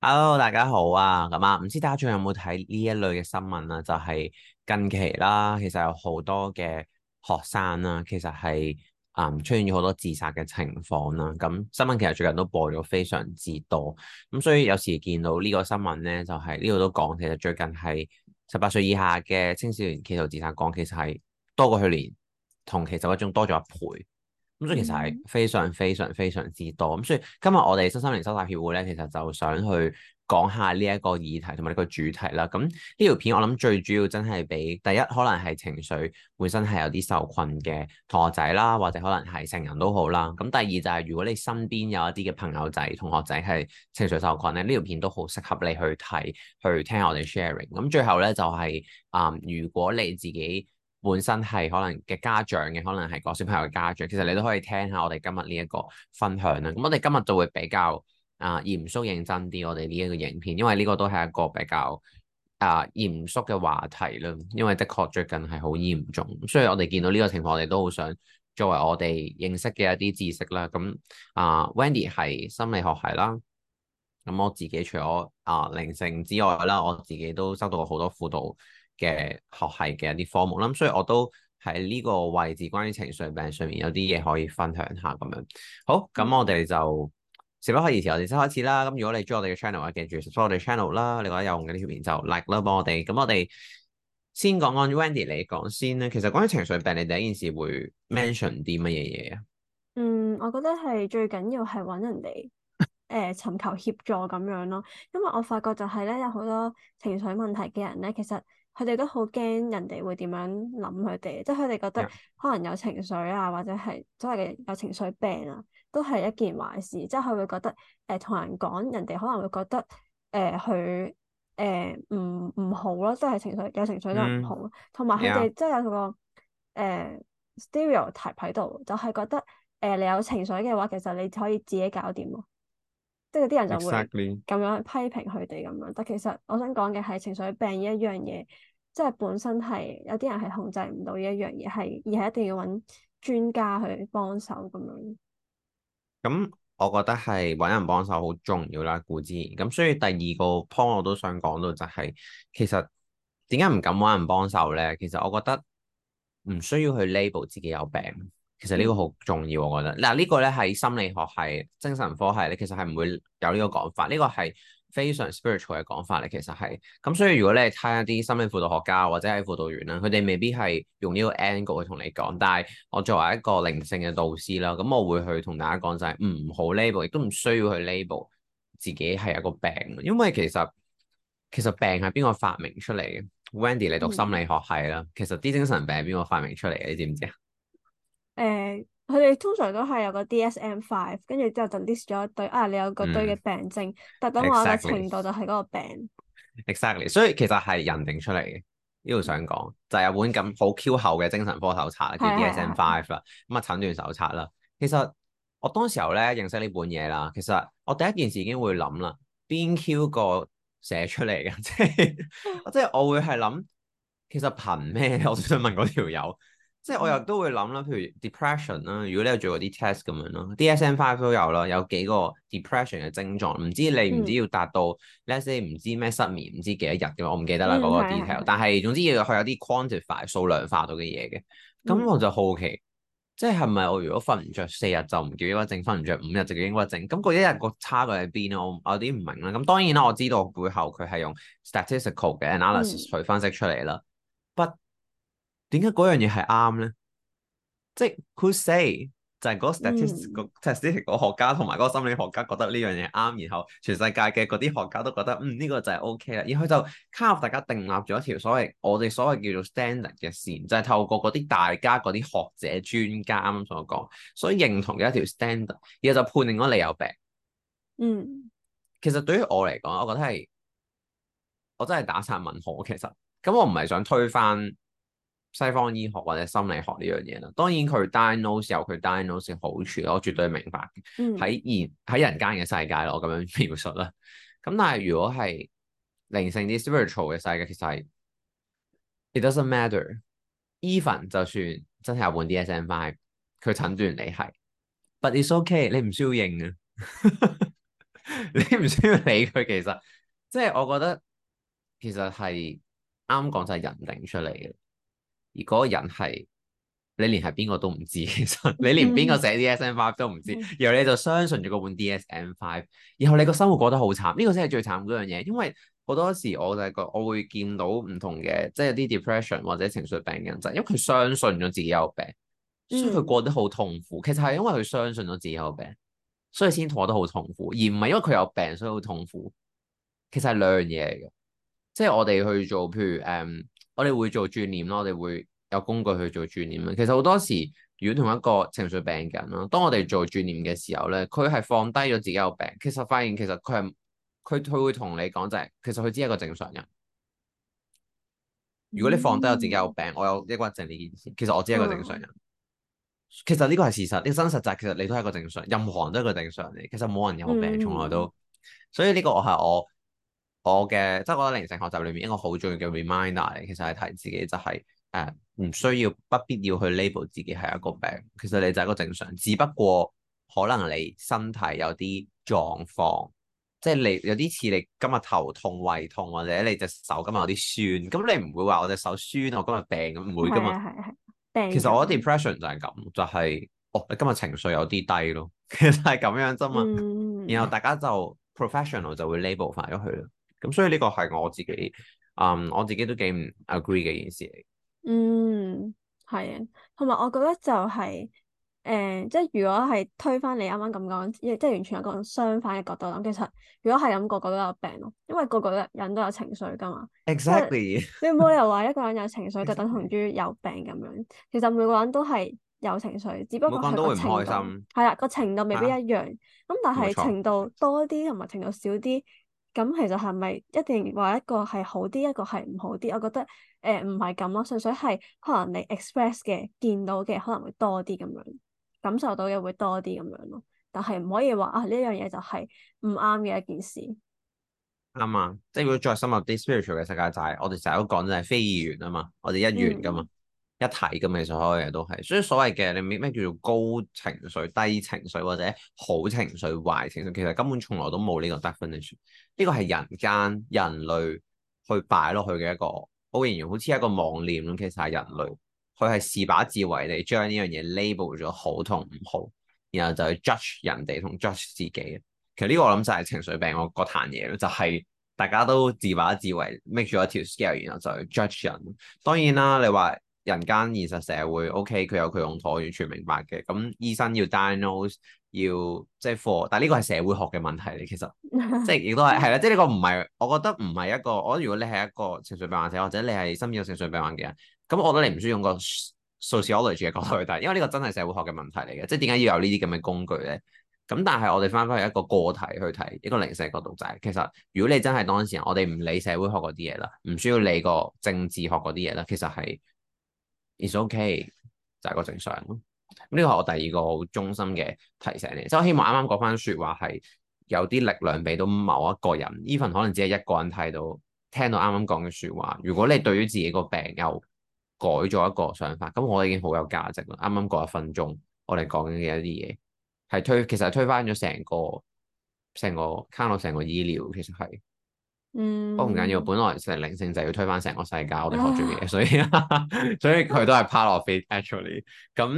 Hello，大家好啊，咁啊，唔知大家仲有冇睇呢一類嘅新聞啊？就係、是、近期啦，其實有好多嘅學生啦、啊，其實係嗯出現咗好多自殺嘅情況啦、啊。咁新聞其實最近都播咗非常之多，咁所以有時見到呢個新聞咧，就係呢度都講，其實最近係十八歲以下嘅青少年企圖自殺，講其實係多過去年同期，其實嗰種多咗一倍。咁所以其實係非常非常非常之多。咁所以今日我哋新心靈修帶協會身心靈修習協會咧，其實就想去講下呢一個議題同埋呢個主題啦。咁呢條片我諗最主要真係俾第一，可能係情緒本身係有啲受困嘅同學仔啦，或者可能係成人都好啦。咁第二就係如果你身邊有一啲嘅朋友仔、同學仔係情緒受困咧，呢條片都好適合你去睇、去聽，聽我哋 sharing。咁最後咧就係、是、啊、嗯，如果你自己。本身係可能嘅家長嘅，可能係個小朋友嘅家長，其實你都可以聽下我哋今日呢一個分享啦。咁我哋今日就會比較啊、呃、嚴肅認真啲，我哋呢一個影片，因為呢個都係一個比較啊、呃、嚴肅嘅話題啦。因為的確最近係好嚴重，所以我哋見到呢個情況，我哋都好想作為我哋認識嘅一啲知識啦。咁啊、呃、Wendy 係心理學系啦。咁我自己除咗啊靈性之外啦，我自己都收到好多輔導。嘅學系嘅一啲科目啦，咁所以我都喺呢個位置，關於情緒病上面有啲嘢可以分享下咁樣。好，咁我哋就事不宜遲，我哋先開始啦。咁如果你中意我哋嘅 channel，記住 subscribe 我哋 channel 啦。你覺得有用嘅呢條片就 like 啦，幫我哋。咁我哋先講安 Wendy，你講先啦。其實關於情緒病，你第一件事會 mention 啲乜嘢嘢啊？嗯，我覺得係最緊要係搵人哋誒尋求協助咁樣咯，因為我發覺就係咧有好多情緒問題嘅人咧，其實。佢哋都好驚人哋會點樣諗佢哋，即係佢哋覺得可能有情緒啊，Yeah. 或者係所謂嘅有情緒病啊，都係一件壞事。即係佢會覺得誒同、呃、人講，人哋可能會覺得誒佢誒唔唔好咯、啊，即係情緒有情緒、啊 mm hmm. 就唔好。同、呃、埋佢哋即係有個誒 stereotype 喺度，就係、是、覺得誒、呃、你有情緒嘅話，其實你可以自己搞掂咯、啊。即係啲人就會咁樣批評佢哋咁樣，Exactly. 但其實我想講嘅係情緒病依一樣嘢，即係本身係有啲人係控制唔到依一樣嘢，係而係一定要揾專家去幫手咁樣。咁、嗯、我覺得係揾人幫手好重要啦，固之然。咁所以第二個 point 我都想講到就係、是，其實點解唔敢揾人幫手咧？其實我覺得唔需要去 label 自己有病。其實呢個好重要，我覺得嗱呢個咧喺心理學係、精神科係咧，其實係唔會有呢個講法。呢個係非常 spiritual 嘅講法咧，其實係咁。所以如果你係睇一啲心理輔導學家或者係輔導員啦，佢哋未必係用呢個 angle 去同你講。但係我作為一個靈性嘅導師啦，咁我會去同大家講就係，唔好 label，亦都唔需要去 label 自己係一個病。因為其實其實病係邊個發明出嚟嘅？Wendy，你讀心理學係啦，嗯、其實啲精神病係邊個發明出嚟嘅？你知唔知啊？誒，佢哋通常都係有個 DSM 五，跟住之後就 list 咗一堆啊，你有個堆嘅病症，嗯、特登我話嘅程度就係嗰個病。Exactly. Exactly，所以其實係人定出嚟嘅，呢度想講 就係有本咁好 Q 厚嘅精神科手冊啦， 手冊叫 DSM 五啦，咁啊診斷手冊啦。其實我當時候咧認識呢本嘢啦，其實我第一件事已經會諗啦，邊 Q 個寫出嚟嘅？即係即係我會係諗，其實憑咩？我想問嗰條友。即係我又都會諗啦，譬如 depression 啦，如果你有做過啲 test 咁樣咯，DSM 五都有啦，有幾個 depression 嘅症狀，唔知你唔知要達到，let's say 唔知咩失眠，唔知幾多日嘅，我唔記得啦嗰、嗯、個 detail，嗯、但係總之要佢有啲 quantify 數量化到嘅嘢嘅，咁、嗯、我就好奇，即係係咪我如果瞓唔着四日就唔叫抑鬱症，瞓唔着五日就叫抑鬱症，咁、那、嗰、個、一日個差距喺邊啊？我有啲唔明啦，咁當然啦，我知道背後佢係用 statistical 嘅 analysis 去分析出嚟啦。嗯。點解嗰樣嘢係啱咧？即係 could say 就係、是、嗰個 statistic 個 statistic、嗯、個學家同埋嗰個心理學家覺得呢樣嘢啱，然後全世界嘅嗰啲學家都覺得嗯呢、呢個就係 O K 啦，然後就靠大家定立咗一條所謂我哋所謂叫做 standard 嘅線，就係、是、透過嗰啲大家嗰啲學者專家咁所講，所以認同嘅一條 standard，然後就判定咗你有病。嗯，其實對於我嚟講，我覺得係我真係打晒問號。其實咁，我唔係想推翻。西方醫學或者心理學呢樣嘢啦，當然佢 diagnose 有佢 diagnose 嘅好處咯，我絕對明白。喺人喺人間嘅世界，我咁樣描述啦。咁但係如果係靈性啲 spiritual 嘅世界，其實係 it doesn't matter。even 就算真係有換 DSM5，佢診斷你係，but it's okay，你唔需要認啊， 你唔需要理佢。其實即係我覺得，其實係啱講就係人定出嚟嘅。而嗰個人係你連係邊個都唔知，其 實你連邊個寫 D S M Five 都唔知，hmm. 然後你就相信咗嗰本 D S M Five，然後你個生活過得好慘，呢、這個先係最慘嗰樣嘢。因為好多時我就係覺，我會見到唔同嘅，即係啲 depression 或者情緒病嘅人就係、是、因為佢相信咗自己有病，所以佢過得好痛苦。Mm hmm. 其實係因為佢相信咗自己有病，所以先過得好痛苦，而唔係因為佢有病所以好痛苦。其實係兩樣嘢嚟嘅，即係我哋去做，譬如誒。Um, 我哋會做轉念咯，我哋會有工具去做轉念。其實好多時，如果同一個情緒病嘅人咯，當我哋做轉念嘅時候咧，佢係放低咗自己有病。其實發現其實佢係佢佢會同你講就係、是，其實佢只係一個正常人。如果你放低咗自己有病，mm hmm. 我有抑鬱症呢件事，其實我只係一個正常人。其實呢個係事實，你、這、身、個、實際其實你都係一個正常，任何人都係一個正常。嚟。其實冇人有病，從來都。所以呢個我係我。我嘅即係我覺得靈性學習裏面一個好重要嘅 reminder，其實係提自己就係誒唔需要不必要去 label 自己係一個病，其實你就係一個正常，只不過可能你身體有啲狀況，即係你有啲似你今日頭痛、胃痛，或者你隻手今日有啲酸，咁你唔會話我隻手酸，我今日病，咁唔會噶嘛。其實我嘅 depression 就係咁，就係、是、哦你今日情緒有啲低咯，其實係咁樣啫嘛。嗯、然後大家就、嗯、professional 就會 label 翻咗去。咁所以呢個係我自己，嗯，我自己都幾唔 agree 嘅件事嚟。嗯，係啊，同埋我覺得就係、是，誒、呃，即係如果係推翻你啱啱咁講，即係完全有一個相反嘅角度諗。其實如果係咁，個個都有病咯，因為個個人都有情緒㗎嘛。Exactly。你唔好又話一個人有情緒就等同於有病咁樣。其實每個人都係有情緒，只不過係個人都會唔開心程度。係啦、啊，個程度未必一樣。咁但係程度多啲同埋程度少啲。咁其實係咪一定話一個係好啲，一個係唔好啲？我覺得誒唔係咁咯，純粹係可能你 express 嘅，見到嘅可能會多啲咁樣，感受到嘅會多啲咁樣咯。但係唔可以話啊呢樣嘢就係唔啱嘅一件事。啱啊、嗯！即係如果再深入啲 spiritual 嘅世界，就係我哋成日都講就係非二元啊嘛，我哋一元噶嘛。一睇咁其實所有嘢都係，所以所謂嘅你咩叫做高情緒、低情緒或者好情緒、壞情緒，其實根本從來都冇呢個 definition。呢個係人間人類去擺落去嘅一個，好形容好似一個妄念咯。其實係人類佢係自把自為地將呢樣嘢 label 咗好同唔好，然後就去 judge 人哋同 judge 自己。其實呢個我諗就係情緒病我個嘆嘢咯，就係、是、大家都自把自為，make 住一條 scale，然後就去 judge 人。當然啦，你話。人間現實社會，OK，佢有佢用途，我完全明白嘅。咁醫生要 diagnose，要即係 for，但係呢個係社會學嘅問題嚟，其實即係亦都係係啦，即係呢個唔係，我覺得唔係一個。我如果你係一個情緒病患者，或者你係身邊有情緒病患者，咁我覺得你唔需要用個 sociology 嘅角度去睇，因為呢個是真係社會學嘅問題嚟嘅，即係點解要有呢啲咁嘅工具咧？咁但係我哋翻返去一個個體去睇，一個靈性角度就係、是、其實，如果你真係當時我哋唔理社會學嗰啲嘢啦，唔需要理個政治學嗰啲嘢啦，其實係。It's okay, 就係個正常咯。呢個係我第二個好忠心嘅提醒你。即係我希望啱啱講返説話係有啲力量俾到某一個人。Even 可能只係一個人睇到、聽到啱啱講嘅説話。如果你對於自己個病又改咗一個想法，咁我已經好有價值啦。啱啱過一分鐘我哋講緊嘅一啲嘢係推，其實係推翻咗成個成個卡落成個醫療，其實係。嗯，不過唔緊要，本來成靈性就係要推翻成個世界，我哋學住嘅嘢。哎、呀所以 所以佢都係 part of it actually。咁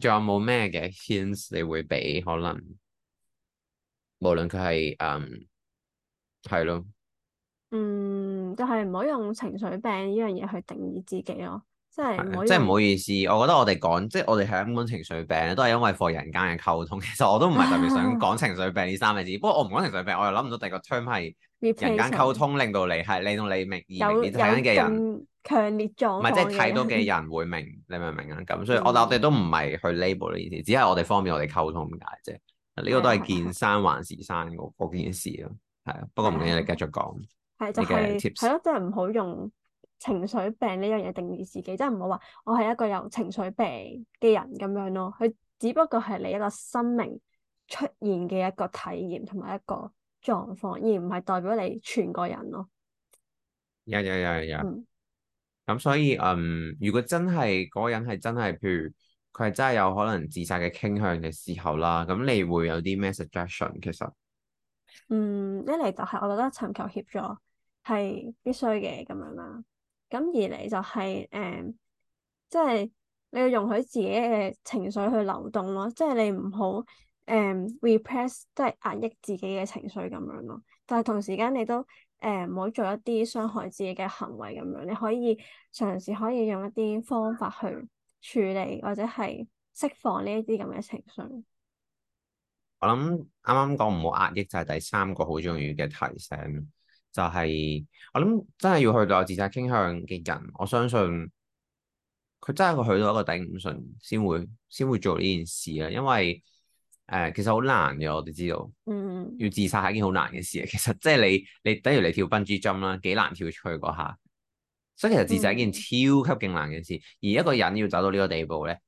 仲有冇咩嘅 hints 你會俾？可能無論佢係嗯，係咯。嗯，就係唔好用情緒病呢樣嘢去定義自己咯。即係唔好意思，我覺得我哋講即係我哋喺香港情緒病都係因為課人間嘅溝通。其實我都唔係特別想講情緒病呢三個字，不過我唔講情緒病，我又諗唔到第二個 term 係人間溝通令到你係你同你明而明睇緊嘅人強烈咗，唔係即係睇到嘅人會明，你明唔明啊？咁所以我我哋都唔係去 label 呢啲事，只係我哋方便我哋溝通咁解啫。呢個都係見山還是山嗰件事咯，係啊。不過唔緊要，你繼續講。係就係係咯，即係唔好用情緒病呢樣嘢定義自己，即係唔好話我係一個有情緒病嘅人咁樣咯。佢只不過係你一個生命出現嘅一個體驗同埋一個狀況，而唔係代表你全個人咯。有有有有，嗯，咁所以嗯、呃，如果真係嗰個人係真係，譬如佢係真係有可能自殺嘅傾向嘅時候啦，咁你會有啲咩 suggestion？其實，嗯，一嚟就係我覺得尋求協助係必須嘅咁樣啦。咁而嚟就係、是、誒、嗯，即係你要容許自己嘅情緒去流動咯，即係你唔好誒、嗯、repress，即係壓抑自己嘅情緒咁樣咯。但係同時間你都誒唔好做一啲傷害自己嘅行為咁樣，你可以嘗試可以用一啲方法去處理或者係釋放呢一啲咁嘅情緒。我諗啱啱講唔好壓抑就係第三個好重要嘅提醒。就係、是、我諗，真係要去到有自殺傾向嘅人，我相信佢真係去到一個頂唔順先會先會做呢件事啦。因為誒、呃，其實好難嘅，我哋知道，嗯，要自殺係一件好難嘅事啊。其實即係你你等於你跳笨豬跳啦，幾難跳出去嗰下。所以其實自殺係一件超級勁難嘅事，而一個人要走到呢個地步咧，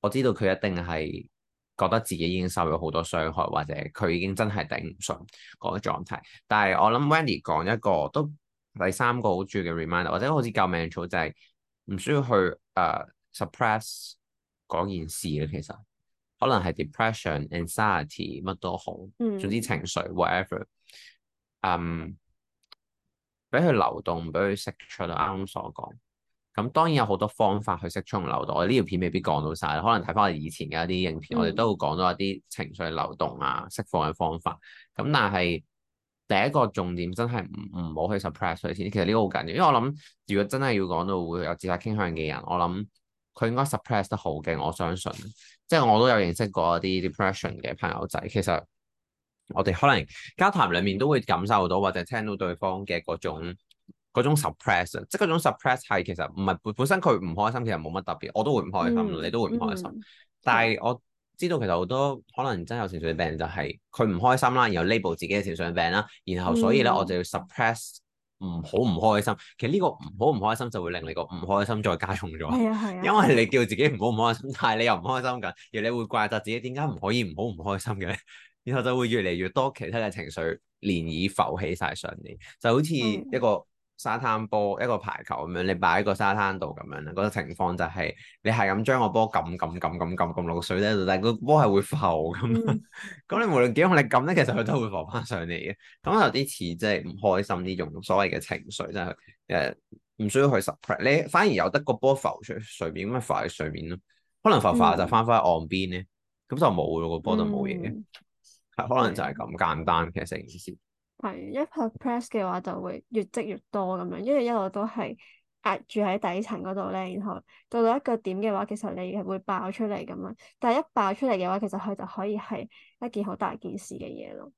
我知道佢一定係。覺得自己已經受咗好多傷害，或者佢已經真係頂唔順嗰個狀態。但係我諗 Wendy 講一個都第三個好重要嘅 reminder，或者好似救命草就係、是、唔需要去誒、uh, suppress 嗰件事嘅。其實可能係 depression、anxiety 乜都好，嗯，總之情緒 whatever，嗯，俾佢流動，俾佢釋出。啱啱所講。咁當然有好多方法去釋出同流動，我呢條片未必講到晒，可能睇翻我以前嘅一啲影片，嗯、我哋都會講到一啲情緒流動啊、釋放嘅方法。咁但係第一個重點真係唔唔好去 suppress 佢先，其實呢個好緊要，因為我諗如果真係要講到會有自殺傾向嘅人，我諗佢應該 suppress 得好嘅。我相信。即係我都有認識過一啲 depression 嘅朋友仔，其實我哋可能交談裡面都會感受到或者聽到對方嘅嗰種。嗰種 suppress，即係嗰種 suppress 係其實唔係本本身佢唔開心，其實冇乜特別，我都會唔開心，嗯、你都會唔開心。嗯、但係我知道其實好多可能真有情緒病就係佢唔開心啦，然後 label 自己嘅情緒病啦，然後所以咧我就要 suppress 唔好唔開心。其實呢、呢個唔好唔開心就會令你個唔開心再加重咗。係啊係啊，嗯、因為你叫自己唔好唔開心，但係你又唔開心緊，而你會怪責自己點解唔可以唔好唔開心嘅？ 然後就會越嚟越多其他嘅情緒連以浮起晒上嚟，就好似一個。沙灘波一個排球咁樣，你擺喺個沙灘度咁樣咧，嗰、那個情況就係、是、你係咁將個波撳撳撳撳撳撳落個水咧，但係個波係會浮咁。咁、嗯、 你無論幾用力撳咧，其實佢都會浮翻上嚟嘅。咁有啲似即係唔開心呢種所謂嘅情緒，即係誒唔需要去 suppress，你反而有得個波浮出水面咁咪浮喺水面咯。可能浮浮就翻翻去岸邊咧，咁、嗯、就冇咯個波都冇嘢嘅。嗯、可能就係咁簡單，其實成件事。係一 press 嘅話就會越積越多咁樣，因為一路都係壓住喺底層嗰度咧，然後到到一個點嘅話，其實你係會爆出嚟咁樣。但係一爆出嚟嘅話，其實佢就可以係一件好大件事嘅嘢咯。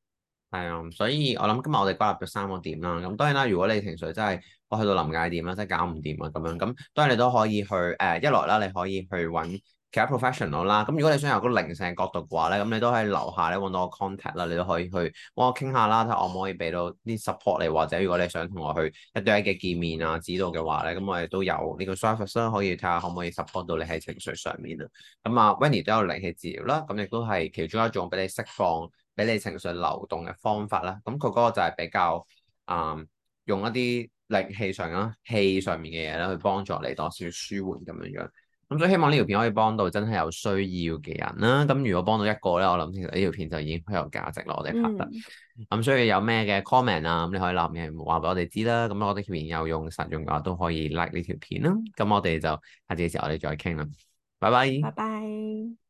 係啊，所以我諗今日我哋加入咗三個點啦。咁當然啦，如果你情緒真係我去到臨界點啦，真係搞唔掂啊咁樣。咁當然你都可以去誒、呃，一來啦，你可以去搵。其他 professional 啦，咁如果你想有嗰個靈性角度嘅話咧，咁你都可以留下咧揾到我 contact 啦，你都可以去幫我傾下啦，睇下我可唔可以俾到啲 support 你，或者如果你想同我去一對一嘅見面啊、指導嘅話咧，咁我哋都有呢個 service 啦，可以睇下可唔可以 support 到你喺情緒上面啊。咁啊，Vinny 都有靈氣治療啦，咁亦都係其中一種俾你釋放、俾你情緒流動嘅方法啦。咁佢嗰個就係比較啊、嗯，用一啲靈氣上啊、氣上面嘅嘢咧，去幫助你多少舒緩咁樣樣。咁、嗯、所以希望呢條片可以幫到真係有需要嘅人啦、啊。咁如果幫到一個咧，我諗其實呢條片就已經好有價值咯。我哋拍得。咁所以有咩嘅 comment 啊？咁你可以留言話俾我哋知啦。咁我哋條片有用實用嘅話，都可以 like 呢條片啦、啊。咁我哋就下次嘅時候我哋再傾啦。拜拜。拜拜。